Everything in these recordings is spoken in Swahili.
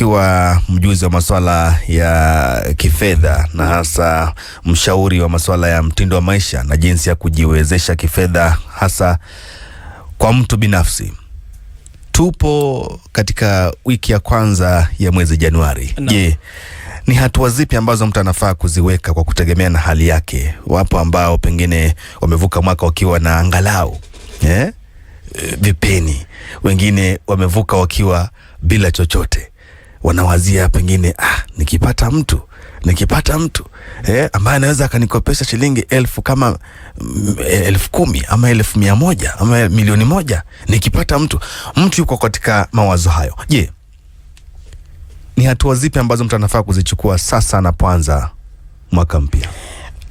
ukiwa mjuzi wa masuala ya kifedha na hasa mshauri wa masuala ya mtindo wa maisha na jinsi ya kujiwezesha kifedha hasa kwa mtu binafsi, tupo katika wiki ya kwanza ya mwezi Januari. Je, ni hatua zipi ambazo mtu anafaa kuziweka kwa kutegemea na hali yake? Wapo ambao pengine wamevuka mwaka wakiwa na angalau eh, vipeni, wengine wamevuka wakiwa bila chochote wanawazia pengine, ah, nikipata mtu nikipata mtu eh, ambaye anaweza akanikopesha shilingi elfu kama mm, eh, elfu kumi ama elfu mia moja ama milioni moja. Nikipata mtu mtu yuko katika mawazo hayo. Je, ni hatua zipi ambazo mtu anafaa kuzichukua sasa anapoanza mwaka mpya?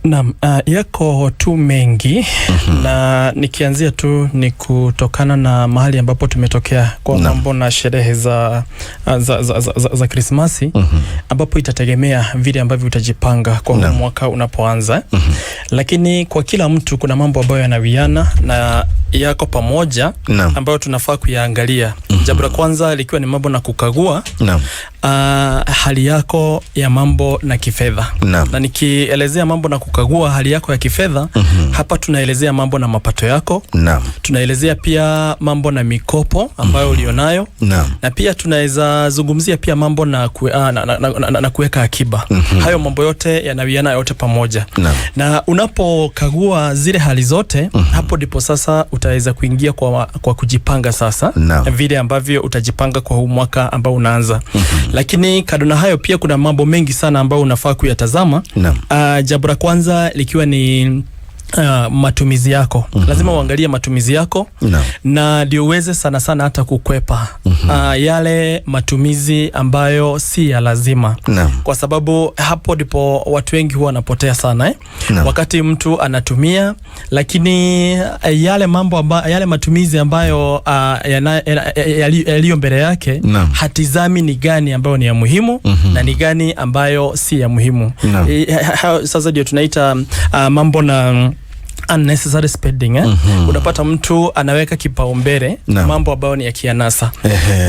Naam, uh, yako tu mengi mm -hmm. Na nikianzia tu ni kutokana na mahali ambapo tumetokea kwa mambo na sherehe za, ah, za, za, za, za za Krismasi mm -hmm. ambapo itategemea vile ambavyo utajipanga kwa Naam. mwaka unapoanza mm -hmm. lakini kwa kila mtu kuna mambo ambayo yanawiana na yako pamoja Naam. ambayo tunafaa kuyaangalia mm -hmm. Jambo la kwanza likiwa ni mambo na kukagua Naam. Uh, hali yako ya mambo na kifedha Naam. na nikielezea mambo na kukagua kukagua hali yako ya kifedha mm -hmm. Hapa tunaelezea mambo na mapato yako Naam. Tunaelezea pia mambo na mikopo ambayo mm -hmm. ulionayo Naam. Na pia tunaweza zungumzia pia mambo na, kue, ah, na, na, na, na, na kuweka akiba mm -hmm. Hayo mambo yote yanawiana yote pamoja Naam. Na unapokagua zile hali zote mm -hmm. Hapo ndipo sasa utaweza kuingia kwa, kwa kujipanga sasa Naam. Vile ambavyo utajipanga kwa huu mwaka ambao unaanza mm -hmm. Lakini kado na hayo pia kuna mambo mengi sana ambayo unafaa kuyatazama. Naam. Uh, jambo la kwanza kwanza likiwa ni Uh, matumizi yako mm -hmm. Lazima uangalie matumizi yako no. Na ndio uweze sana sana hata kukwepa mm -hmm. uh, yale matumizi ambayo si ya lazima no. Kwa sababu hapo ndipo watu wengi huwa wanapotea sana eh? no. Wakati mtu anatumia lakini eh, yale mambo amba, yale matumizi ambayo uh, yaliyo mbele yake no. Hatizami ni gani ambayo ni ya muhimu mm -hmm. Na ni gani ambayo si ya muhimu no. Eh, sasa ndio tunaita uh, mambo na unnecessary spending eh? mm -hmm. Unapata mtu anaweka kipaumbele no. mambo ambayo ni ya kianasa.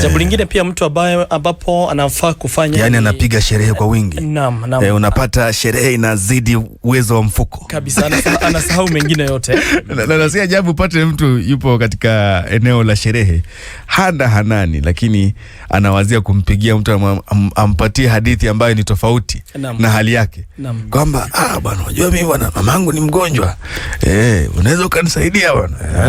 Jambo lingine pia mtu ambaye ambapo anafaa kufanya yani, ni... anapiga sherehe kwa wingi naam, naam. Eh, unapata sherehe inazidi uwezo wa mfuko kabisa, anasahau mengine yote na si ajabu, pate mtu yupo katika eneo la sherehe hana hanani, lakini anawazia kumpigia mtu am, am, ampatie hadithi ambayo ni tofauti naam. na hali yake kwamba ah, bwana unajua mimi bwana mamangu ni mgonjwa Eh, unaweza ukanisaidia bwana. Eh, ah,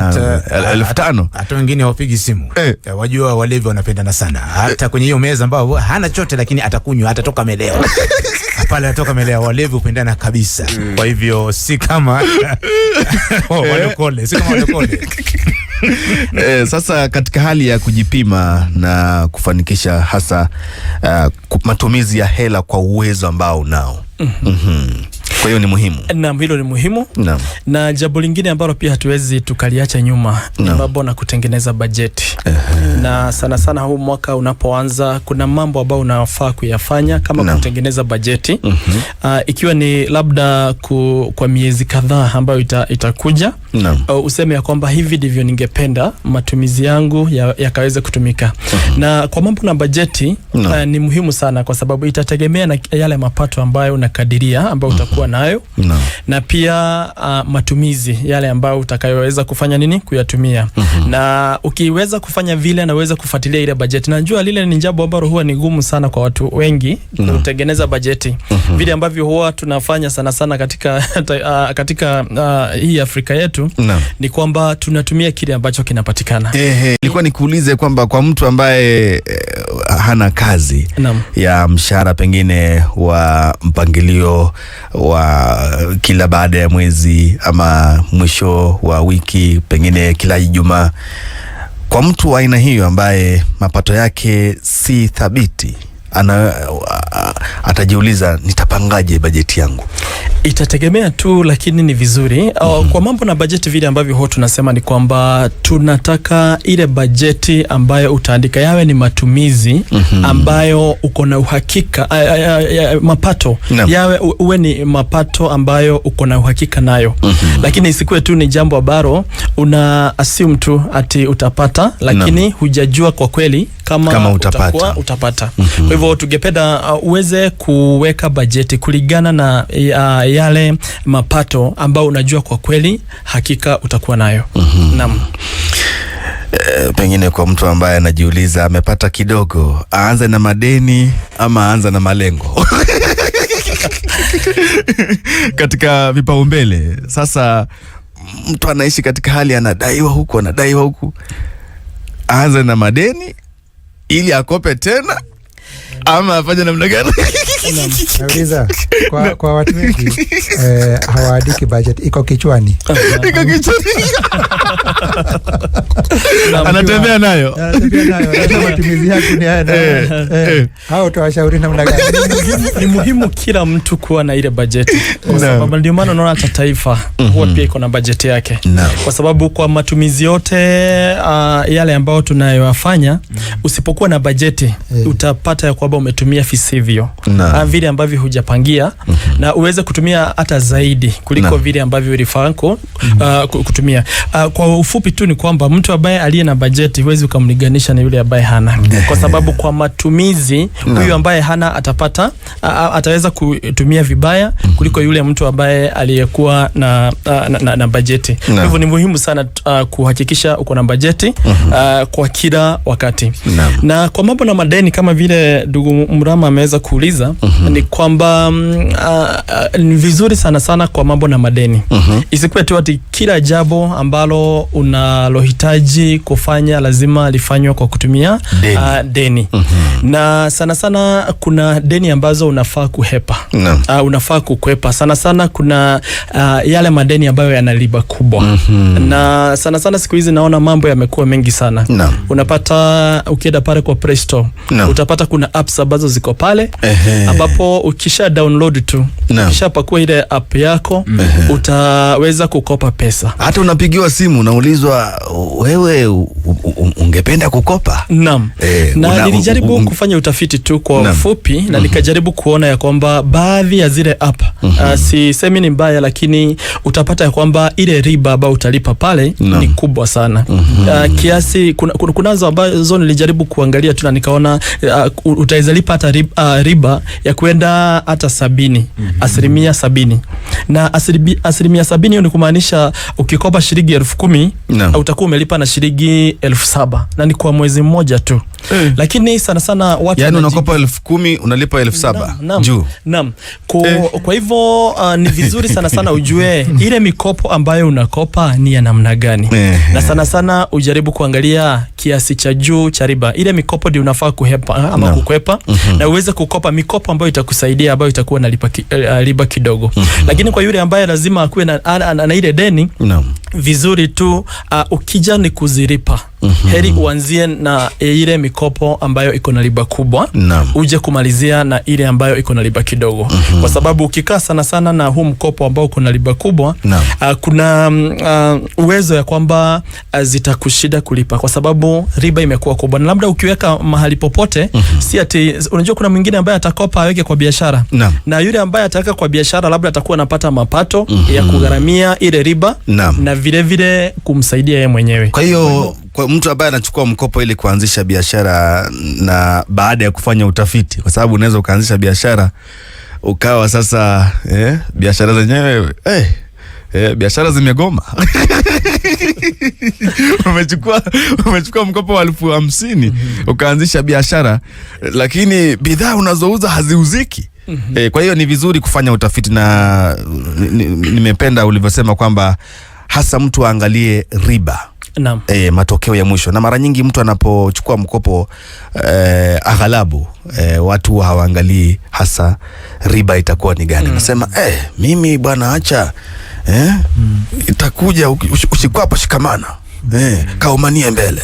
hata elfu tano. Hata wengine wapigi simu. Eh. Wajua walevi wanapendana sana. Hata kwenye hiyo meza ambayo hana chote lakini atakunywa, atatoka melewa. Pale atatoka melewa, walevi upendana kabisa. Mm. Kwa hivyo si kama oh, eh. walokole, si kama walokole. Eh, sasa katika hali ya kujipima na kufanikisha hasa uh, matumizi ya hela kwa uwezo ambao unao. Mm -hmm. Mm -hmm. Kwa hiyo ni muhimu. Naam, hilo ni muhimu. Naam. Na jambo lingine ambalo pia hatuwezi tukaliacha nyuma ni mambo na kutengeneza bajeti. Uh-huh. Na sana sana huu mwaka unapoanza kuna mambo ambayo unafaa kuyafanya kama Naam. kutengeneza bajeti. Uh-huh. Uh, ikiwa ni labda ku, kwa miezi kadhaa ambayo ita, itakuja no. uh, useme ya kwamba hivi ndivyo ningependa matumizi yangu yakaweza ya kutumika mm -hmm. na kwa mambo na bajeti no. uh, ni muhimu sana kwa sababu itategemea na yale mapato ambayo unakadiria ambayo mhm. utakuwa nayo no. na pia uh, matumizi yale ambayo utakayoweza kufanya nini kuyatumia mm -hmm. na ukiweza kufanya vile naweza kufuatilia ile bajeti. Najua lile ni jambo ambalo huwa ni gumu sana kwa watu wengi no. kutengeneza bajeti mm -hmm. vile ambavyo huwa tunafanya sana sana katika, uh, katika uh, hii Afrika yetu yetu no. ni kwamba tunatumia kile ambacho kinapatikana. Ilikuwa nikuulize kwamba kwa mtu ambaye eh, hana kazi no. ya mshahara pengine wa mpangilio wa kila baada ya mwezi ama mwisho wa wiki pengine kila Ijumaa, kwa mtu wa aina hiyo ambaye mapato yake si thabiti ana, atajiuliza nitapangaje bajeti yangu? Itategemea tu, lakini ni vizuri mm -hmm. Kwa mambo na bajeti vile ambavyo huwa tunasema ni kwamba tunataka ile bajeti ambayo utaandika yawe ni matumizi mm -hmm. ambayo uko na uhakika a, a, a, mapato no. yawe uwe ni mapato ambayo uko na uhakika nayo mm -hmm. Lakini isikuwe tu ni jambo ambalo una assume tu ati utapata, lakini no. hujajua kwa kweli kama, kama utakuwa utapata. Mhm. Kwa hivyo tungependa uh, uweze kuweka bajeti kulingana na uh, yale mapato ambayo unajua kwa kweli hakika utakuwa nayo. mm -hmm. Naam. E, pengine kwa mtu ambaye anajiuliza amepata kidogo, aanze na madeni ama aanze na malengo katika vipaumbele. Sasa mtu anaishi katika hali anadaiwa huku anadaiwa huku, aanze na madeni ili akope tena ama afanye namna gani? Nauliza kwa, kwa watu wengi eh, hawaandiki bajeti, iko kichwani iko kichwani anatembea nayo ni eh, eh. Eh. Hao utawashauri namna gani? Ni muhimu kila mtu kuwa na ile bajeti, kwasababu ndio maana unaona hata taifa huwa mhm. pia iko na bajeti yake, kwa sababu kwa matumizi yote ah, yale ambayo tunayoyafanya, mhm. usipokuwa na bajeti utapata ya kwamba umetumia visivyo ah, vile ambavyo hujapangia, mhm. na uweze kutumia hata zaidi kuliko vile ambavyo ulifaa ah, kutumia kwa ufupi tu ni kwamba mtu ambaye aliye na bajeti huwezi ukamlinganisha na yule ambaye hana, kwa sababu kwa matumizi huyu ambaye hana atapata a, ataweza kutumia vibaya mhm. kuliko yule mtu ambaye aliyekuwa na, na, na, na bajeti. no. hivyo ni muhimu sana a, kuhakikisha uko na bajeti a, mhm. kwa kila wakati no. na kwa mambo na madeni kama vile ndugu Mrama ameweza kuuliza mhm. ni kwamba mm, ni vizuri sana sana kwa mambo na madeni isikuwe tu ati kila jambo ambalo unalohitaji kufanya lazima lifanywe kwa kutumia deni, uh, deni. Mm -hmm. Na sana sana kuna deni ambazo unafaa kuhepa no. Uh, unafaa kukwepa sana sana kuna uh, yale madeni ambayo yana riba kubwa mm -hmm. Na sana sana siku hizi naona mambo yamekuwa mengi sana no. Unapata ukienda pale kwa Play Store no. Utapata kuna apps ambazo ziko pale Ehe. Ambapo ukisha download tu no. Ukisha pakua ile app yako Ehe. Utaweza kukopa pesa hata unapigiwa simu na ukaulizwa wewe ungependa kukopa? Naam. E, na nilijaribu kufanya utafiti tu kwa ufupi na mhm. nikajaribu mm -hmm. kuona ya kwamba baadhi ya zile app mm -hmm. sisemi ni mbaya, lakini utapata ya kwamba ile riba ambayo utalipa pale Naam. ni kubwa sana mm -hmm. uh, kiasi kuna, kunazo ambazo nilijaribu kuangalia tu na nikaona uh, utaweza lipa hata riba, uh, riba ya kwenda hata sabini mm -hmm. asilimia sabini na asilimia sabini hiyo ni kumaanisha ukikopa shilingi elfu kumi no. utakuwa umelipa na shilingi elfu saba na ni kwa mwezi mmoja tu eh. Lakini sana sana watu yani unakopa elfu kumi unalipa elfu saba juu naam. Kwa, eh. kwa hivyo uh, ni vizuri sana sana ujue ile mikopo ambayo unakopa ni ya namna gani eh. Na sana sana ujaribu kuangalia kiasi cha juu cha riba, ile mikopo ndio unafaa kuhepa ama no. kukwepa mm -hmm. na uweze kukopa mikopo ambayo itakusaidia ambayo itakuwa na lipa ki, uh, riba kidogo mm -hmm. Lakini kwa yule ambaye lazima akuwe na, na, na, na ile deni no. Vizuri tu uh, ukija ni kuziripa mm -hmm. Heri uanzie na eh, ile mikopo ambayo iko na riba kubwa Naam. uje kumalizia na ile ambayo iko na riba kidogo mm -hmm. kwa sababu ukikaa sana sana na huu mkopo ambao uko na riba kubwa uh, kuna uh, uwezo ya kwamba uh, zitakushida kulipa kwa sababu riba imekuwa kubwa, na labda ukiweka mahali popote mm -hmm. si ati unajua, kuna mwingine ambaye atakopa aweke kwa biashara na, na yule ambaye ataweka kwa biashara labda atakuwa anapata mapato mm -hmm. ya mhm. kugharamia ile riba na, na vile vile kumsaidia yeye mwenyewe kwa hiyo kwa mtu ambaye anachukua mkopo ili kuanzisha biashara na baada ya kufanya utafiti, kwa sababu unaweza ukaanzisha biashara ukawa sasa eh, biashara zenyewe eh, eh, biashara zimegoma umechukua umechukua mkopo wa elfu hamsini -hmm. ukaanzisha biashara lakini bidhaa unazouza haziuziki. Mm -hmm. E, kwa hiyo ni vizuri kufanya utafiti na nimependa ulivyosema kwamba hasa mtu aangalie riba E, matokeo ya mwisho na mara nyingi mtu anapochukua mkopo e, aghalabu e, watu hawaangalii hasa riba itakuwa ni gani. Mm. Nasema mm. e, mimi bwana acha e, mm. itakuja usikwapa shikamana e, kaumanie mbele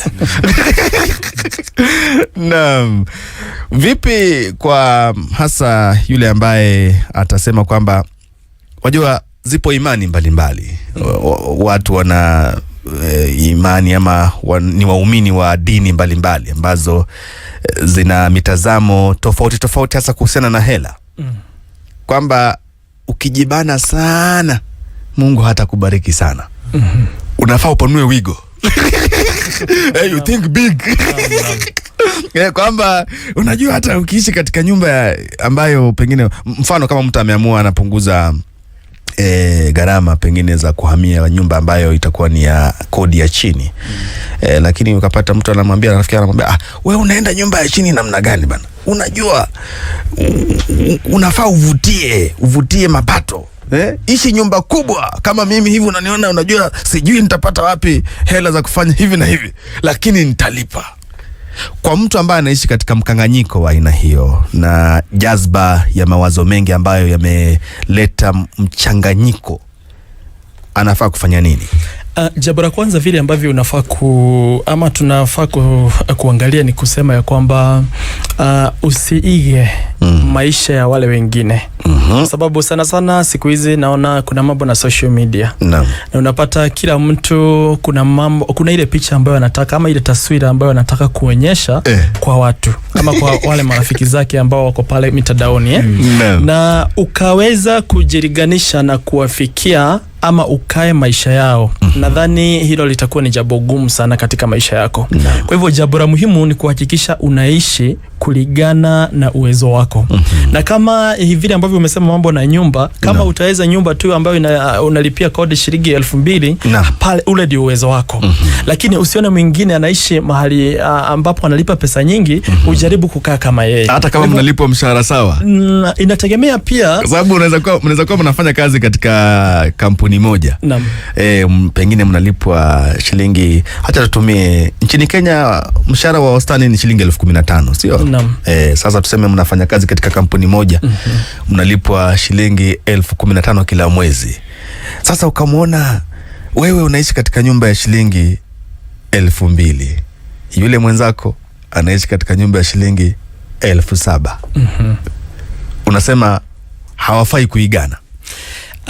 Naam. Vipi kwa hasa yule ambaye atasema kwamba wajua zipo imani mbalimbali mbali. Mm. Watu wana e, imani ama wa, ni waumini wa dini mbalimbali ambazo mbali, eh, e, zina mitazamo tofauti tofauti hasa kuhusiana na hela mm. kwamba ukijibana sana Mungu hata kubariki sana mm -hmm. unafaa upanue wigo hey, you think big eh, kwamba unajua hata ukiishi katika nyumba ambayo pengine mfano kama mtu ameamua anapunguza e, gharama pengine za kuhamia nyumba ambayo itakuwa ni ya kodi ya chini mm. E, lakini ukapata mtu anamwambia rafiki anamwambia, ah, wewe unaenda nyumba ya chini namna gani bana? Unajua unafaa uvutie uvutie mapato Eh, ishi nyumba kubwa kama mimi hivi unaniona, unajua sijui nitapata wapi hela za kufanya hivi na hivi, lakini nitalipa. Kwa mtu ambaye anaishi katika mkanganyiko wa aina hiyo na jazba ya mawazo mengi ambayo yameleta mchanganyiko, anafaa kufanya nini? Uh, jambo la kwanza vile ambavyo unafaa ku ama tunafaa ku, kuangalia ni kusema ya kwamba uh, usiige mm. maisha ya wale wengine mm -hmm. Sababu sana sana siku hizi naona kuna mambo na social media no. na unapata kila mtu kuna mambo, kuna ile picha ambayo anataka ama ile taswira ambayo anataka kuonyesha eh, kwa watu ama kwa wale marafiki zake ambao wako pale mitandaoni eh? na ukaweza kujiriganisha na kuwafikia ama ukae maisha yao. mm -hmm. Nadhani hilo litakuwa ni jambo gumu sana katika maisha yako no. Kwa hivyo jambo la muhimu ni kuhakikisha unaishi kulingana na uwezo wako. mm -hmm. Na kama hivi ambavyo umesema mambo na nyumba, kama no. utaweza nyumba tu ambayo ina, unalipia kodi shilingi elfu mbili no. pale ule ndio uwezo wako. mm -hmm. Lakini usione mwingine anaishi mahali ambapo analipa pesa nyingi. mm -hmm. Ujaribu kukaa kama yeye, hata kama mnalipwa mshahara sawa. Mm, inategemea pia, kwa sababu unaweza kuwa mnaweza kuwa mnafanya kazi katika kampuni moja naam. E, pengine mnalipwa shilingi, hata tutumie nchini Kenya mshahara wa wastani ni shilingi elfu kumi na tano sio? e, sasa tuseme mnafanya kazi katika kampuni moja mhm. mnalipwa mm -hmm. shilingi elfu kumi na tano kila mwezi. Sasa ukamwona wewe unaishi katika nyumba ya shilingi elfu mbili yule mwenzako anaishi katika nyumba ya shilingi elfu saba mm -hmm. unasema hawafai kuigana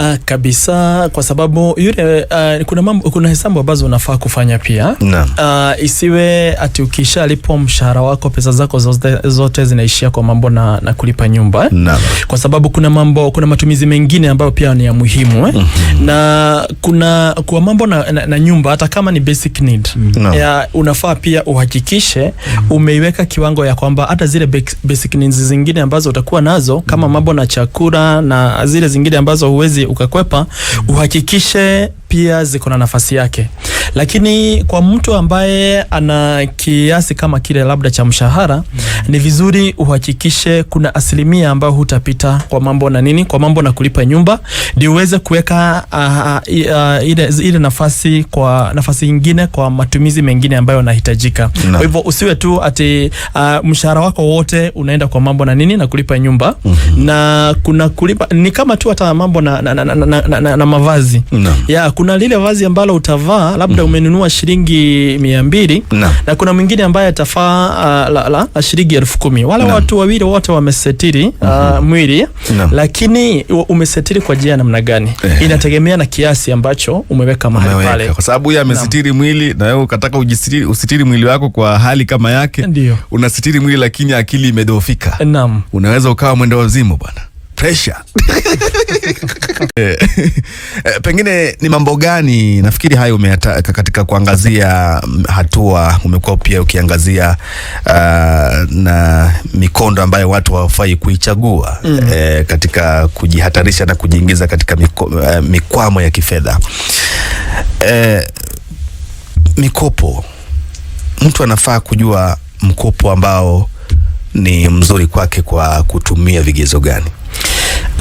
Ah, kabisa kwa sababu yule uh, kuna mambo, kuna hesabu ambazo unafaa kufanya pia uh, isiwe ati ukisha lipo mshahara wako pesa zako zote, zote zinaishia kwa mambo na, na kulipa nyumba na. Kwa sababu kuna mambo, kuna matumizi mengine ambayo pia ni ya muhimu eh? mm -hmm. na kuna kwa mambo na, na, na nyumba hata kama ni basic need mhm. ya, unafaa pia uhakikishe mm -hmm. umeiweka kiwango ya kwamba hata zile basic needs zingine ambazo utakuwa nazo kama mhm. mambo na chakula na zile zingine ambazo huwezi ukakwepa uhakikishe pia ziko na nafasi yake, lakini kwa mtu ambaye ana kiasi kama kile labda cha mshahara mm -hmm. ni vizuri uhakikishe kuna asilimia ambayo hutapita kwa mambo na nini, kwa mambo na kulipa nyumba, ndio uweze kuweka uh, uh, ile, ile nafasi kwa nafasi nyingine kwa matumizi mengine ambayo yanahitajika no. Kwa hivyo usiwe tu ati uh, mshahara wako wote unaenda kwa mambo na nini na kulipa nyumba mm -hmm. na kuna kulipa ni kama tu hata mambo na, na, na, na, na, na, na mavazi no. ya kuna lile vazi ambalo utavaa labda mhm. umenunua shilingi mia mbili na, na kuna mwingine ambaye atafaa uh, la, la, la shilingi elfu kumi wala na. Watu wawili wote wamesetiri uh, mm -hmm. mwili na. Lakini umesetiri kwa njia namna gani eh? Inategemea na kiasi ambacho umeweka mahali pale, kwa sababu yeye amesitiri mwili na wewe ukataka ujisitiri usitiri mwili wako kwa hali kama yake. Unasitiri mwili lakini akili imedhoofika. Naam. Unaweza ukawa mwenda wazimu bwana pressure eh, eh, Pengine ni mambo gani nafikiri hayo umeataka katika kuangazia mm, hatua, umekuwa pia ukiangazia uh, na mikondo ambayo watu hawafai kuichagua mm. eh, katika kujihatarisha na kujiingiza katika miko, uh, mikwamo ya kifedha eh, mikopo. Mtu anafaa kujua mkopo ambao ni mzuri kwake kwa kutumia vigezo gani?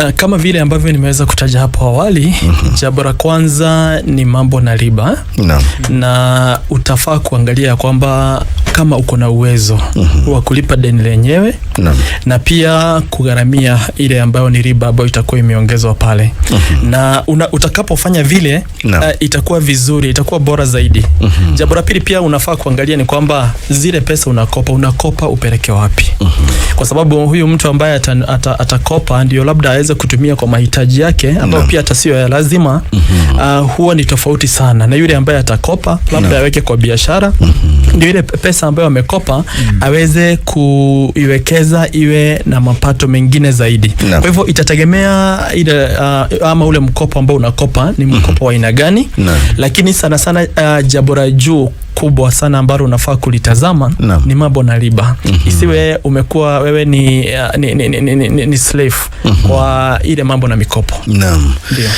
Uh, kama vile ambavyo nimeweza kutaja hapo awali mm -hmm. Jambo la kwanza ni mambo na riba no. Na utafaa kuangalia kwamba kama uko na uwezo mm -hmm. wa kulipa deni lenyewe na, na pia kugharamia ile ambayo ni riba ambayo itakuwa imeongezwa pale mm -hmm. na una, utakapofanya vile uh, itakuwa vizuri, itakuwa bora zaidi mm -hmm. Jambo la pili pia unafaa kuangalia ni kwamba zile pesa unakopa unakopa upeleke wapi mm -hmm. kwa sababu huyu mtu ambaye atakopa ata, ata ndio labda aweze kutumia kwa mahitaji yake ambayo pia hata ya lazima mm -hmm. uh, huwa ni tofauti sana na yule ambaye atakopa labda aweke kwa biashara mm -hmm. ndio ile pesa ambayo amekopa mm. aweze kuiwekeza iwe na mapato mengine zaidi no. Kwa hivyo itategemea ile uh, ama ule mkopo ambao unakopa ni mhm. mkopo mm -hmm. wa aina gani no. Lakini sana sana uh, jambo la juu kubwa sana ambalo unafaa kulitazama no. ni mambo na riba mm -hmm. Isiwe umekuwa wewe ni, uh, ni, ni, ni, ni, ni slave mm -hmm. kwa ile mambo na mikopo naam. Ndio.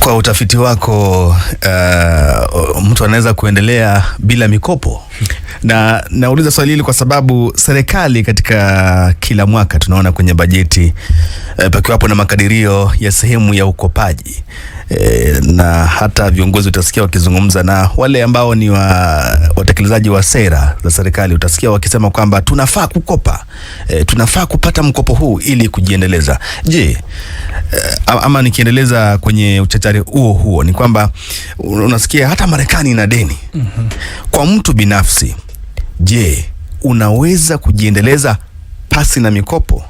Kwa utafiti wako uh, mtu anaweza kuendelea bila mikopo? na nauliza swali hili kwa sababu serikali katika kila mwaka tunaona kwenye bajeti e, eh, pakiwapo na makadirio ya sehemu ya ukopaji e, na hata viongozi utasikia wakizungumza na wale ambao ni wa, watekelezaji wa sera za serikali, utasikia wakisema kwamba tunafaa kukopa e, tunafaa kupata mkopo huu ili kujiendeleza. Je, e, ama nikiendeleza kwenye uchachari huo huo ni kwamba unasikia hata Marekani ina deni mm -hmm. kwa mtu binafsi Je, unaweza kujiendeleza pasi na mikopo?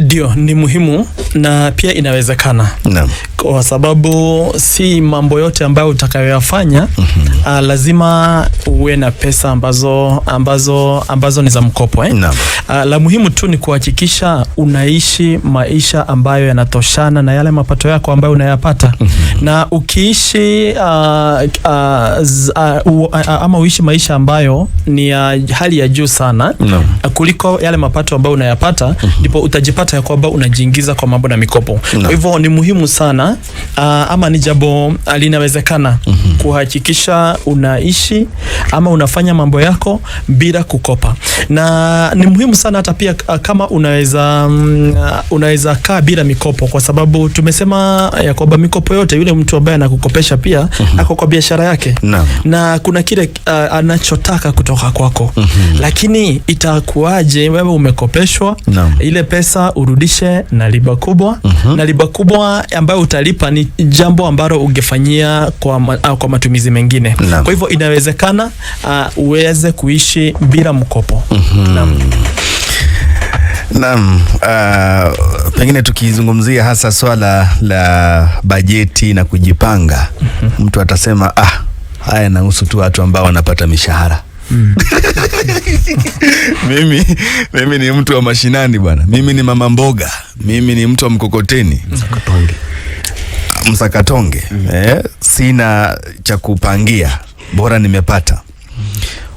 Ndio, ni muhimu na pia inawezekana no. Kwa sababu si mambo yote ambayo utakayoyafanya mm -hmm. Ah, lazima uwe na pesa ambazo, ambazo, ambazo ni za mkopo eh? no. Ah, la muhimu tu ni kuhakikisha unaishi maisha ambayo yanatoshana na yale mapato yako ambayo unayapata mm -hmm. na ukiishi uh, uh, uh, uh, ama uishi maisha ambayo ni ya hali ya juu sana no. kuliko yale mapato ambayo unayapata mhm. ndipo mm -hmm. utajipata unapata ya kwamba unajiingiza kwa mambo na mikopo. Kwa hivyo ni muhimu sana uh, ama ni jambo uh, linawezekana mm -hmm. kuhakikisha unaishi ama unafanya mambo yako bila kukopa, na ni muhimu sana hata pia uh, kama unaweza mm, uh, unaweza kaa bila mikopo, kwa sababu tumesema ya kwamba mikopo yote, yule mtu ambaye anakukopesha pia mm -hmm. ako kwa biashara yake na, na kuna kile uh, anachotaka kutoka kwako mm -hmm. lakini itakuwaje wewe umekopeshwa na ile pesa urudishe na riba kubwa mm -hmm. na riba kubwa ambayo utalipa ni jambo ambalo ungefanyia kwa, ma, ah, kwa matumizi mengine na. Kwa hivyo inawezekana uh, uweze kuishi bila mkopo mm -hmm. na. Naam, uh, pengine tukizungumzia hasa swala la bajeti na kujipanga mm -hmm. mtu atasema ah, haya nahusu tu watu ambao wanapata mishahara Mm. mimi, mimi ni mtu wa mashinani bwana, mimi ni mama mboga, mimi ni mtu wa mkokoteni msakatonge, msakatonge. Mm. Eh, sina cha kupangia, bora nimepata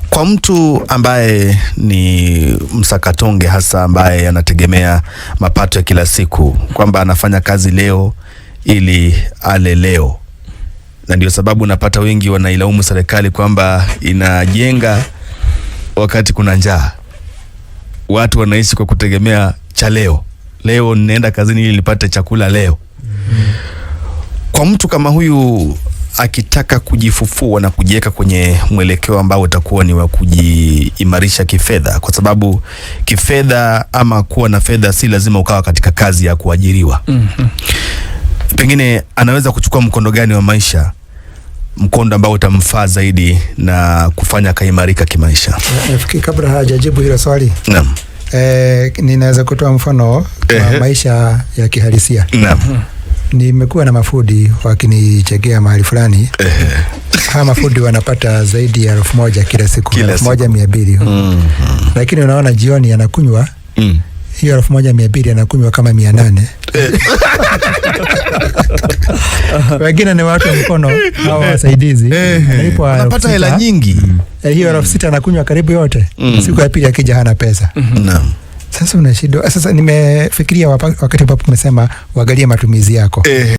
kwa mtu ambaye ni msakatonge hasa ambaye anategemea mapato ya kila siku, kwamba anafanya kazi leo ili ale leo, na ndio sababu napata wengi wanailaumu serikali kwamba inajenga wakati kuna njaa. Watu wanaishi kwa kutegemea cha leo, leo ninaenda kazini ili nipate chakula leo. Kwa mtu kama huyu akitaka kujifufua na kujiweka kwenye mwelekeo ambao utakuwa ni wa kujiimarisha kifedha, kwa sababu kifedha ama kuwa na fedha si lazima ukawa katika kazi ya kuajiriwa. mm -hmm pengine anaweza kuchukua mkondo gani wa maisha, mkondo ambao utamfaa zaidi na kufanya akaimarika kimaisha? Nafikiri kabla hajajibu hilo swali, naam, eh, ninaweza kutoa mfano wa maisha ya kihalisia. Naam. Nimekuwa na mafundi wakinichegea mahali fulani. Hawa mafundi wanapata zaidi ya elfu moja kila siku, elfu moja mia mbili, mhm. lakini unaona jioni anakunywa mm hiyo elfu moja mia mbili anakunywa kama mia nane eh. wengine ni watu wa mkono au eh. wasaidizi, eh. anapata hela nyingi. Mm. Hiyo elfu sita anakunywa karibu yote. Mm. Siku ya pili akija hana pesa. Mm-hmm. Sasa unashindwa. Sasa nimefikiria wakati ambapo umesema uangalie matumizi yako.